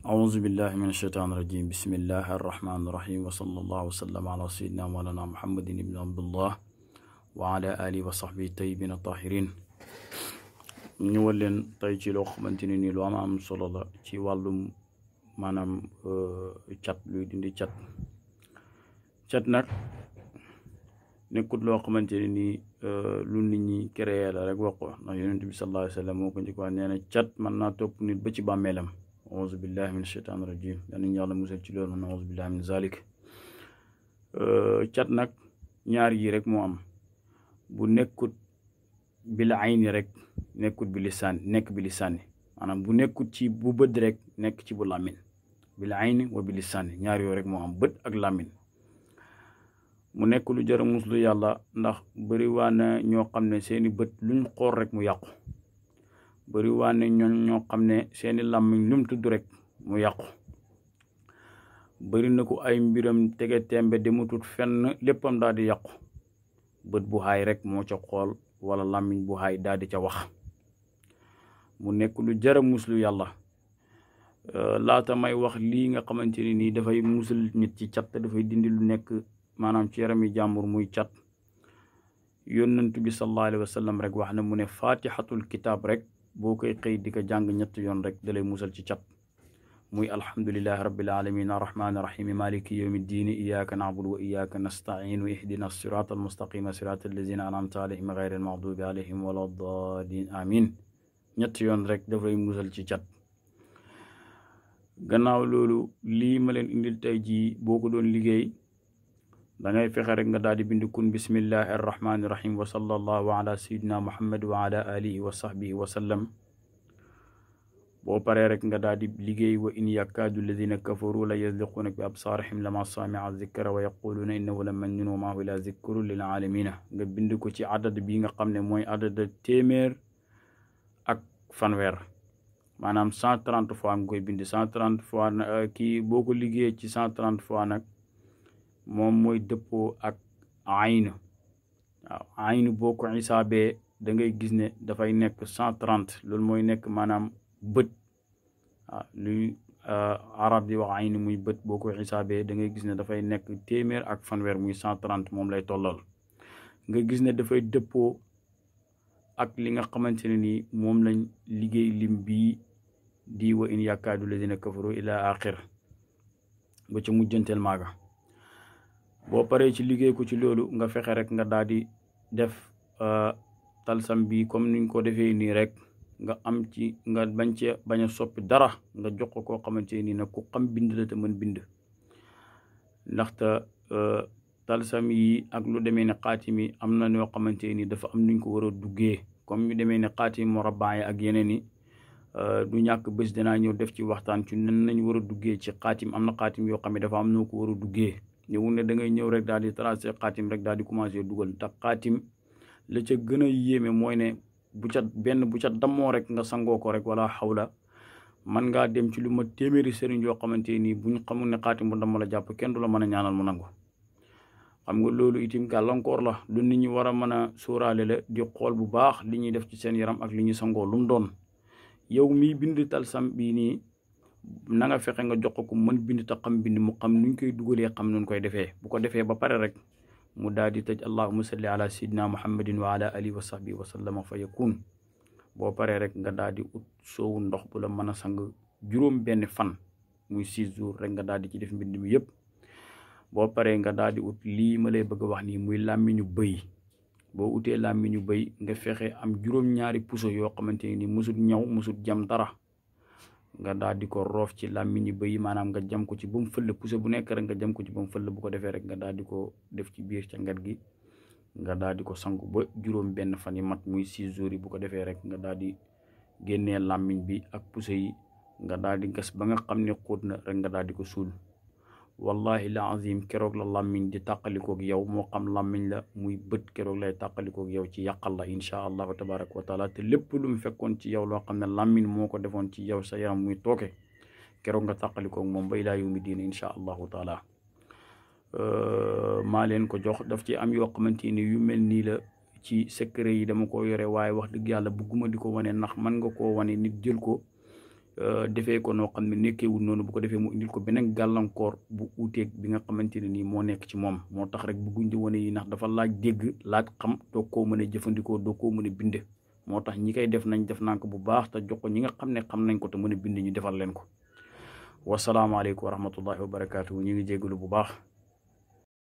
أعوذ بالله من الشيطان الرجيم بسم الله الرحمن الرحيم وصلى الله وسلم على سيدنا مولانا محمد بن عبد الله وعلى آله وصحبه الطيبين الطاهرين ñu war leen tey ci loo xamante ne nii lu am am solo la ci wàllum maanaam euh, cat luy dindi cat cat nag nekkut loo xamante ne nii euh, lu nit ñi créé la rek wax ko ndax yonent bi sallallahu alayhi wa sallam moo ko njëkk wax nee na cat mën naa topp nit ba ci bàmmeelam auzu billahi min sheytaani rajim danañ yàlla musal ci loolu auzu billahi min zalik cat nag ñaar yi rek moo am bu nekkut bi la rek nekkut bi lisaan nekk bi lisaani maanaam bu nekkut ci bu bët rek nekk ci bu làmmin bi la ayni wa bi lisaani ñaar yoo rek moo am bët ak làmmin mu nekk lu jar a muslu yàlla ndax bëri waa na ñoo xam ne seeni bët luñ xool rek mu yàqu bëri waa ne ñoo xam ne seeni làmmiñ lum tudd rek mu yàqu bari na ko ay mbiram tege tembe demutut fenn léppam daal di yàqu bët bu xaay rek moo ca xool wala làmmiñ bu xaay daal di ca wax mu nekk lu jara muslu yàlla euh, laata may wax lii nga xamante ne nii dafay musal nit ci cat dafay dindi lu nekk maanaam ci yarami jàmbur muy cat yónnantu bi sallallahu alayhi wa sallam rek wax na mu ne faatixatul kitaab rek boo koy xëy di ko jàng ñetti yoon rek dalay musal ci cat muy alhamdulilahi rabbil alamin arrahmani irrahimi maliki yawmi ddiini iyyaka na'budu wa iyyaka nasta'in ihdina sirata almustaqima sirata allazina an'amta alayhim ghayri almaghdubi alayhim wala ddaalin amin ñetti yoon rek daf lay ci cat gannaaw tey jii boo ko liggéey da ngay fexe rek nga daal di bind kun bismillahi arrahmani irrahim wa sallallahu ala sayidina muhammad wa ala alihi wa sahbihi wa sallam boo paree rek nga daal di liggéey wa in yakkaadu alladina kafaru la yasliquuna bi absaarihim lama saami'a zikra wa yaquluuna innahu la majnun wa maahu ila zikru lil aalamina nga bind ko ci adad bi nga xam ne mooy adada téeméer ak fanweer maanaam cent trente fois nga koy bind cent trente fois euh, kii boo ko liggéey ci cent trente fois nag moom mooy dëppoo ak aynu waaw aynu boo ko isaabee da ngay gis ne dafay nekk cent loolu mooy nekk maanaam bët waaw luy euh, arab di wax aynu muy bët boo ko isaabee da ngay gis ne dafay nekk téeméer ak fanweer muy cent moom lay tollool nga gis ne dafay dëppoo ak li nga xamante ne nii moom lañ liggéey lim bii di wa in yàkkaadu lazina kafaru ila axir ba ca mujjanteel maaga boo paree ci liggéey ko ci loolu nga fexe rek nga daal di def euh, talsam bi comme niñ ko defee nii rek nga am ci nga bañ cee bañ a soppi dara nga jox ko koo xamante nii nag ku xam bind la ta mën bind ndaxte euh, talsam yi ak lu demee ne xaatim yi am na ñoo xamante ni dafa am nuñ ko war a duggee comme ñu demee ne xaatim murabba yi ak yeneen yi euh, du ñàkk bés danaa ñëw def ci waxtaan ci nan nañ war duggee ci xaatim am na xaatim yoo xam ne dafa am noo ko war a duggee ñëwul ne da ngay ñëw rek daal di tracé xaatim rek daal di dugal te xaatim la ca gën a yéeme mooy ne bu cat benn bu ca dammoo rek nga sangoo ko rek wala xawla man ngaa dem ci lu ma téeméeri sëriñ yoo xamante nii buñ xamul ne xaatim bu damm la jàpp kenn du la mën a ñaanal mu nangu xam nga loolu itim gàllankoor la lu ni ñi war a mën a sóoraale la di xool bu baax li ñuy def ci seen yaram ak li ñuy sangoo lu mu doon yow mii bind bii nii nanga fexe nga jox ko man bind te xam mbind mu xam nuñ koy dugalee xam nuñ koy defee bu ko defee ba pare rek mu daal di tëj allahuma salli ala sayyidina muhammadin wa ala alihi wa sahbihi wa sallama fa yakun boo paree rek nga daal di ut soowu ndox bu la mën a sang juróom benn fan muy six jours rek nga daal di ci def mbind mi yëpp boo paree nga daal di ut lii ma lay bëgg a wax nii muy làmmiñu bay boo utee làmmiñu bay nga fexe am juróom-ñaari puso yoo xamante ni musut ñaw musut jam dara nga daal di ko roof ci làmmiñi bëy maanaam nga jam ko ci ba mu fëll pousse bu nekk rek nga jam ko ci ba mu fëll bu ko defee rek nga daadi ko def ci biir ca ngat gi nga daal di ko sangu ba juróom benn fan yi mat muy six jours yi bu ko defee rek nga daal di génnee làmmiñ bi ak pousse yi nga daal di gas ba nga xam ne xóot na rek nga daal di ko suul wallahi la azim keroog la làmmiñ di tàqalikoog yow moo xam làmmiñ la muy bët keroog lay tàqalikoog yow ci yàqal la inchaa allahu tabaraka wa te lépp lu mu fekkoon ci yow loo xam ne làmmiñ moo ko defoon ci yow sa muy tooke keroog nga tàqalikoog moom ba ilaa yawmi diin inchaa allahu taala maa leen ko jox daf ci am yoo xamante ni yu mel nii la ci secret yi dama ko yore waaye wax dëgg yàlla bugguma di ko wane ndax mën nga koo wane nit jël ko Euh, defee ko noo xam ne nekkeewul noonu bu ko defee mu indil ko beneen gàllankoor bu uuteeg bi nga xamante ne nii moo nekk ci moom moo tax rek bëgguñ di wane yi ndax dafa laaj dégg laaj xam doo koo mën a jëfandikoo doo ko mën a bind moo tax ñi koy def nañ def naa bu baax te jox ko ñi nga xam ne xam nañ ko te mën a bind ñu defal leen ko wasalaamaaleykum wa rahmatullahi wa barakaatu ñu ngi jégalu bu baax